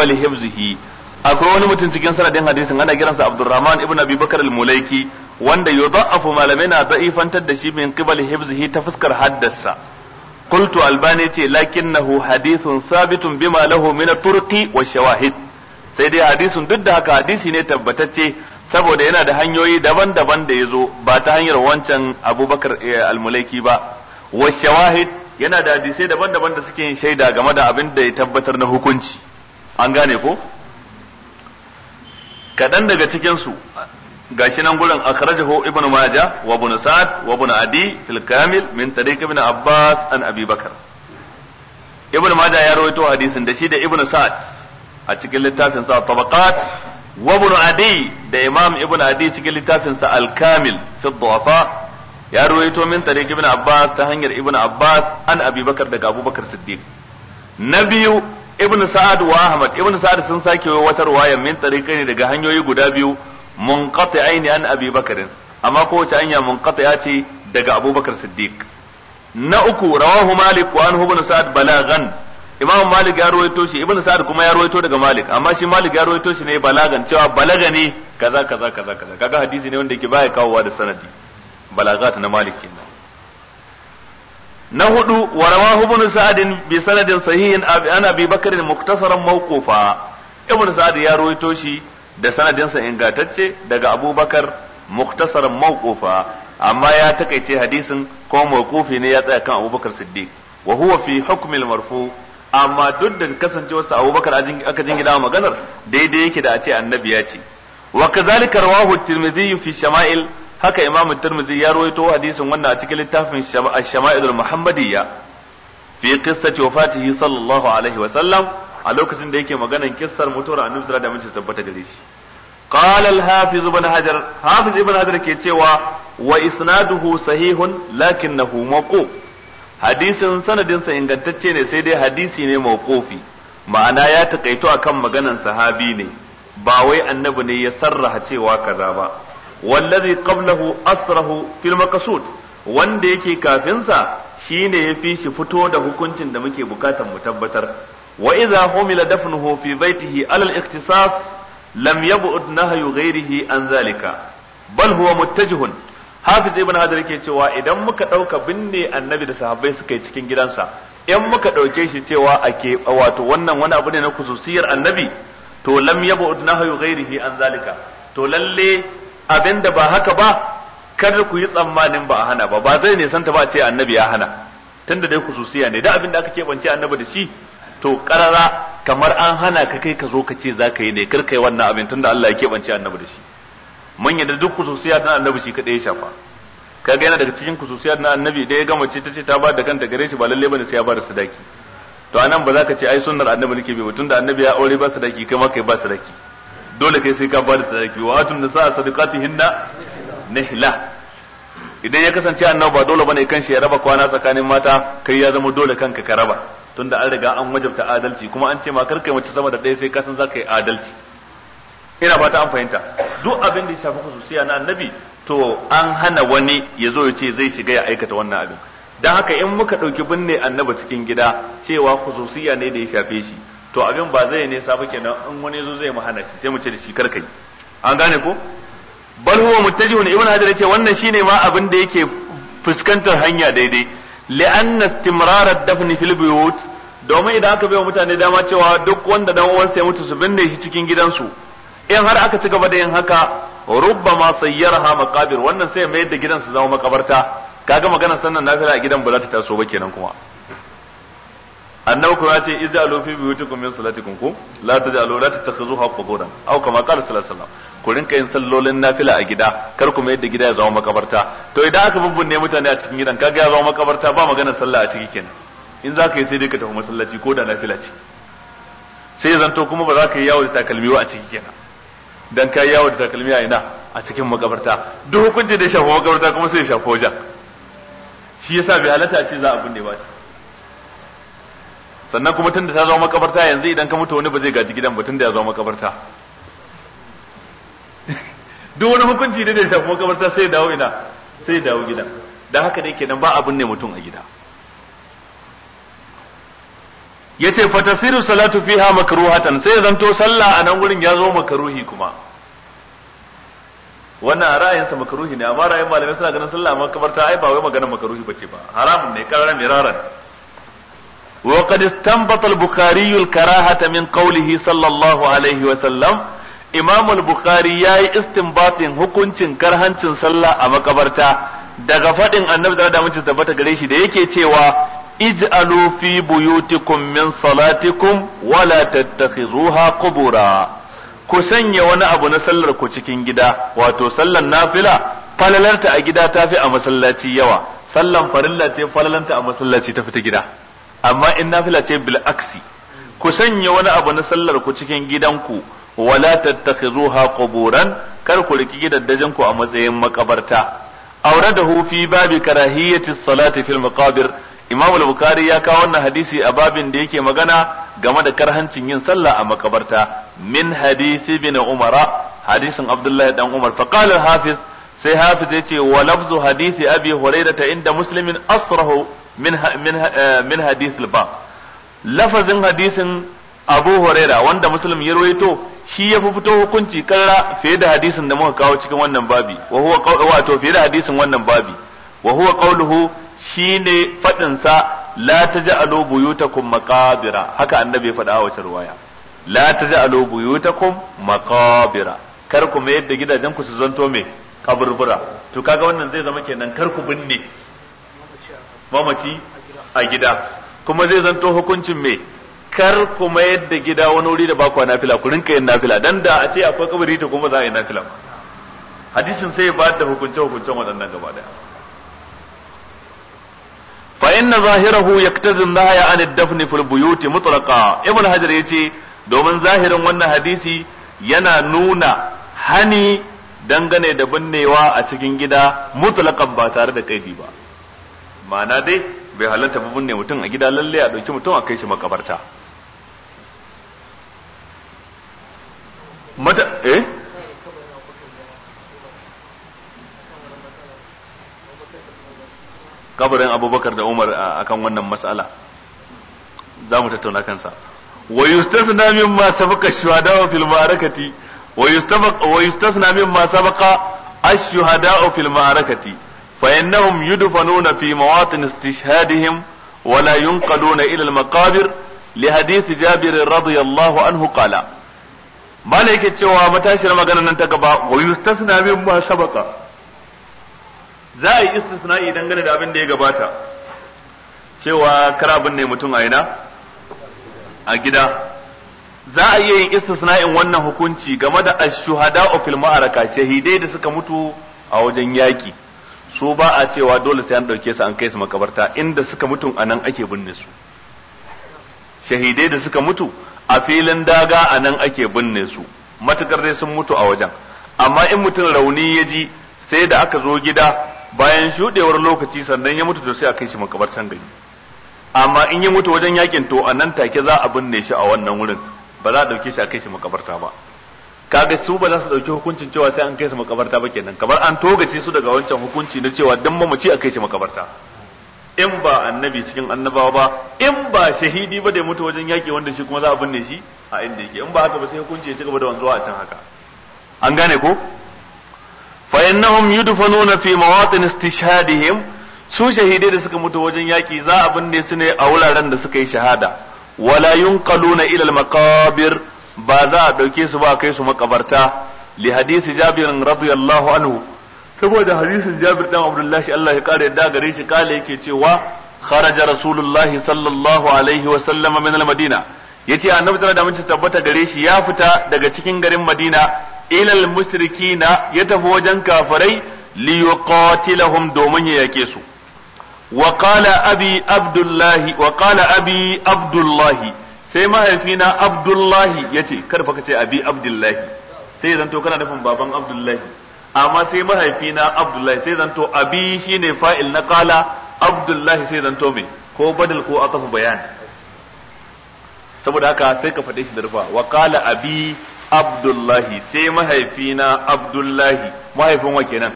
falihibzihi akwai wani mutum cikin sanadin hadisin ana kiransa Abdurrahman ibn Abi Bakar al-Mulaiki wanda yudha'afu malamai na da'ifantar da shi min kibar hibzihi ta fuskar haddasa qultu albani ce lakinnahu hadithun sabitun bima lahu min turqi wa shawahid sai dai hadisin duk da haka hadisi ne tabbatacce saboda yana da hanyoyi daban-daban da yazo ba ta hanyar wancan Abubakar eh, al-Mulaiki ba wa shawahid yana da hadisai daban-daban da suke shaida game da abin da ya tabbatar na hukunci an gane ko kaɗan daga cikinsu gashi nan gurin akhrajahu ibnu wa wa adi fil kamil min tariq abbas an abi ya rawaito hadisin da shi da a cikin littafin sa tabaqat wa adi da imam ibnu adi cikin littafin sa al kamil fi ya rawaito min tariq abbas ta hanyar ibn abbas an abi daga abubakar siddiq na biyu ibn sa'ad wa ahmad ibn sa'ad sun sake wata riwaya min tariqai ne daga hanyoyi guda biyu munqati'aini an abi bakr amma kowace hanya munqati'a ce daga abubakar siddiq na uku rawahu malik wa anhu ibn sa'ad balagan imam malik ya rawaito shi ibn sa'ad kuma ya rawaito daga malik amma shi malik ya rawaito shi ne balagan cewa balaga ne kaza kaza kaza kaza kaga hadisi ne wanda yake baya kawowa da sanadi balagat na malik kenan na hudu wa rawahu ibn sa'd bi sanadin sahihin an abi bakr muktasaran mawqufa ibn sa'd ya ruwaito shi da sanadin sa ingantacce daga abubakar muktasaran mawqufa amma ya takaice hadisin ko mawqufi ne ya tsaya kan abubakar siddiq wa huwa fi hukm al marfu amma duk da wasu abubakar aka gida maganar daidai yake da a ce annabi ya ce wa kazalika rawahu tirmidhi fi shama'il haka imamu tirmidhi ya rawaito hadisin wannan a cikin littafin shama'idul muhammadiyya fi qissati wafatihi sallallahu alaihi wa sallam a lokacin da yake maganan kissar mutuwar annabi sallallahu alaihi wasallam tabbata gare shi al hafiz ibn hajar hafiz ibn hajar ke cewa wa isnaduhu sahihun lakinnahu mawquf hadisin sanadin sa ingantacce ne sai dai hadisi ne mawqufi ma'ana ya takaito akan maganan sahabi ne ba wai annabi ne ya sarraha cewa kaza ba wallazi qablahu asrahu fil maqsud wanda yake kafinsa shine fi shi fito da hukuncin da muke bukatan mu tabbatar wa iza humila dafnuhu fi baitihi ala al-ikhtisas lam yab'ud nahyu ghayrihi an zalika bal huwa muttajihun hafiz ibn hadar yake cewa idan muka dauka binne annabi da sahabbai suka yi cikin gidansa in muka dauke shi cewa ake wato wannan wani abu ne na khususiyar annabi to lam yab'ud nahyu ghayrihi an zalika to lalle abinda ba haka ba kar ku yi tsammanin ba a hana ba ba zai nisanta ba ce annabi ya hana tunda dai khususiya ne da abinda aka keɓance annabi da shi to karara kamar an hana ka kai ka zo ka ce za ka yi ne kar kai wannan abin tunda Allah ya keɓance annabi da shi mun yadda duk khususiya ta annabi shi kadai ya shafa kaga yana daga cikin khususiya na annabi da ya gama ce ta ce ta ba da kanta gare shi ba lalle bane sai ya ba da sadaki to anan ba za ka ce ai sunnar annabi nake bi ba tunda annabi ya aure ba sadaki kai ma kai ba sadaki dole kai sai ka bada sadaki wa atun nisa sadaqatihinna nihla idan ya kasance annabi ba dole bane shi ya raba kwana tsakanin mata kai ya zama dole kanka ka raba tunda an riga an wajabta adalci kuma an ce ma karkai mace sama da ɗaya sai ka san zaka yi adalci ina fata an fahimta duk abin da ya shafi khususiya na annabi to an hana wani ya zo ya ce zai shiga ya aikata wannan abin dan haka in muka ɗauki binne annabi cikin gida cewa khususiya ne da ya shafe shi to abin ba zai ne sabu kenan in wani zo zai mu hana shi sai mu ce da shi yi an gane ko bal huwa muttajihun ibn hadar yace wannan shine ma abin da yake fuskantar hanya daidai anna istimrar ad-dafn fil buyut domin idan aka wa mutane dama cewa duk wanda dan uwan ya mutu su binne shi cikin gidansu in har aka ci gaba da yin haka rubbama sayyarha maqabir wannan sai mai da gidansu zama makabarta kaga magana sannan nafila a gidan ba za ta taso ba kenan kuma annabi kuma ce ij'alu fi buyutikum min salatikum ku la taj'alu la tattakhuzuha quburan aw kama qala sallallahu alaihi wasallam ku rinka yin sallolin nafila a gida kar ku mai da gida ya zama makabarta to idan aka bubbunne mutane a cikin gidan kaga ya zama makabarta ba maganar sallah a ciki kenan in za ka yi sai dai ka tafi masallaci ko da nafila ce sai zanto kuma ba za ka yi yawo da takalmi ba a ciki kenan dan ka yi yawo da takalmi a ina a cikin makabarta duk hukunci da ya shafi makabarta kuma sai ya shafi wajen shi yasa bai halatta ce za a bunne ba sannan kuma tunda ta zama makabarta yanzu idan ka mutu wani ba zai gaji gidan ba tunda ya zama makabarta duk wani hukunci da zai shafi makabarta sai dawo ina sai dawo gida dan haka dai kenan ba abin ne mutum a gida yace fa tasiru salatu fiha makruhatan sai zanto sallah a nan gurin ya zo makruhi kuma wannan ra'ayinsa makruhi ne amma ra'ayin malamai suna ganin sallah makabarta ai ba wai magana makruhi bace ba haramun ne kararan miraran وقد استنبط البخاري الكراهة من قوله صلى الله عليه وسلم إمام البخاري ياي استنباط hukuncin karhancin sallah a makabarta daga faɗin annabi da da mutum gare shi da yake cewa ij'alu fi buyutikum ku sanya wani abu na sallar ku cikin gida wato sallar nafila falalarta a gida tafi a masallaci yawa sallan farilla ce falalanta a masallaci ta fi ta gida amma in nafila ce bil aksi ku sanya wani abu na sallar ku cikin gidanku wala tattakhizuha quburan kar ku riki gidajen ku a matsayin makabarta da hufi babi karahiyati salati fil maqabir Imam al-Bukhari ya kawo wannan hadisi a babin da yake magana game da karhancin yin sallah a makabarta min hadisi bin umara. hadisin Abdullahi dan Umar fa qala al-Hafiz sai Hafiz yace wa lafzu hadisi Abi hurairata inda Muslimin asrahu min min eh, min hadith al-ba lafazin hadisin Abu Huraira wanda Muslim ya rawaito shi ya fito hukunci karra fiye da hadisin da muka kawo cikin wannan babi wa huwa wato fiye da hadisin wannan babi wa huwa qawluhu shine fadin sa la taj'alu buyutakum maqabira haka annabi ya faɗa a wata riwaya la taj'alu buyutakum maqabira kar ku mayar da gidajen ku su zanto me kaburbura to kaga wannan zai zama kenan kar ku binne mamaci a gida kuma zai zanto hukuncin me kar ku mayar da gida wani wuri da ba na nafila ku rinka yin nafila dan da a ce akwai kabari to kuma za a yi nafila hadisin sai ba da hukunce hukuncen waɗannan gaba daya fa inna zahirahu yaktazi nahya an ad-dafn fil buyut mutlaqa ibn hajar yace domin zahirin wannan hadisi yana nuna hani dangane da binnewa a cikin gida mutlaqan ba tare da kaifi ba ma'ana dai bai halatta babun ne mutum a gida lalle a ɗauki mutum a kai shi makabarta mata eh kabarin abubakar da umar akan wannan matsala za mu tattauna kansa wa yustasna mimma sabaqa shuhada wa fil ma'arakati wa yustabaq wa yustasna mimma sabaqa ash-shuhada fil ma'arakati فإنهم يدفنون في مواطن استشهادهم ولا ينقلون إلى المقابر لحديث جابر رضي الله عنه قال ما لك تشوى متاشر مغانا ننتقبا ويستثنى مما سبق za a yi istisna'i dangane da abin da ya gabata cewa karabin mutum a gida za a iya yin istisna'in wannan hukunci game da ashuhada fil ma'araka shahidai da suka mutu a wajen yaki su ba a cewa dole sai an ɗauke su an kai su makabarta inda suka mutu a nan ake binne su shahidai da suka mutu a filin daga a nan ake binne su matukar dai sun mutu a wajen amma in mutum rauni ya ji sai da aka zo gida bayan shuɗewar lokaci sannan ya mutu to sai a kai shi makabartan gari amma in ya mutu wajen yakin to a nan take za a binne shi a wannan wurin ba za a ɗauke shi a kai shi makabarta ba kaga su ba za su dauki hukuncin cewa sai an kai su makabarta ba kenan kamar an togace su daga wancan hukunci na cewa dan mamaci a kai shi makabarta in ba annabi cikin annabawa ba in ba shahidi ba da mutu wajen yaki wanda shi kuma za a binne shi a inda yake in ba haka ba sai hukunci ya cigaba da wanzuwa a can haka an gane ko fa innahum yudfanuna fi mawatin istishhadihim su shahidai da suka mutu wajen yaki za a binne su ne a wuraren da suka yi shahada wala yunqaluna ila al-maqabir ba za a ɗauke su ba a kai su makabarta li hadisi jabirin radiyallahu anhu saboda hadisin jabir dan abdullahi Allah ya ƙara yadda gare shi kale yake cewa kharaja rasulullahi sallallahu alaihi wa sallam min al-madina yace annabi da mun tabbata gare shi ya fita daga cikin garin madina ilal mushrikina ya tafi wajen kafirai li yuqatilahum domin ya yake su wa qala abi abdullahi wa qala abi abdullahi sai mahaifina abdullahi ya ce kada fa ka ce abi abdullahi sai zanto kana nufin baban abdullahi amma sai mahaifina abdullahi sai zanto abi ne fa'il na kala abdullahi sai zanto mai ko badal ko atafu bayan saboda haka sai ka faɗe shi da rufa wa kala abi abdullahi sai mahaifina abdullahi mahaifin wa kenan